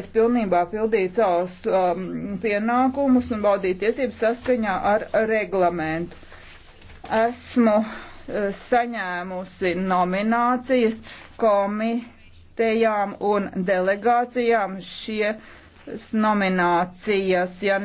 ir pilnībā pildīt savus um, pienākumus un baudīt tiesības saskaņā ar reglamentu. Esmu uh, saņēmusi nominācijas komitejām un delegācijām šie nominācijas. Ja ne...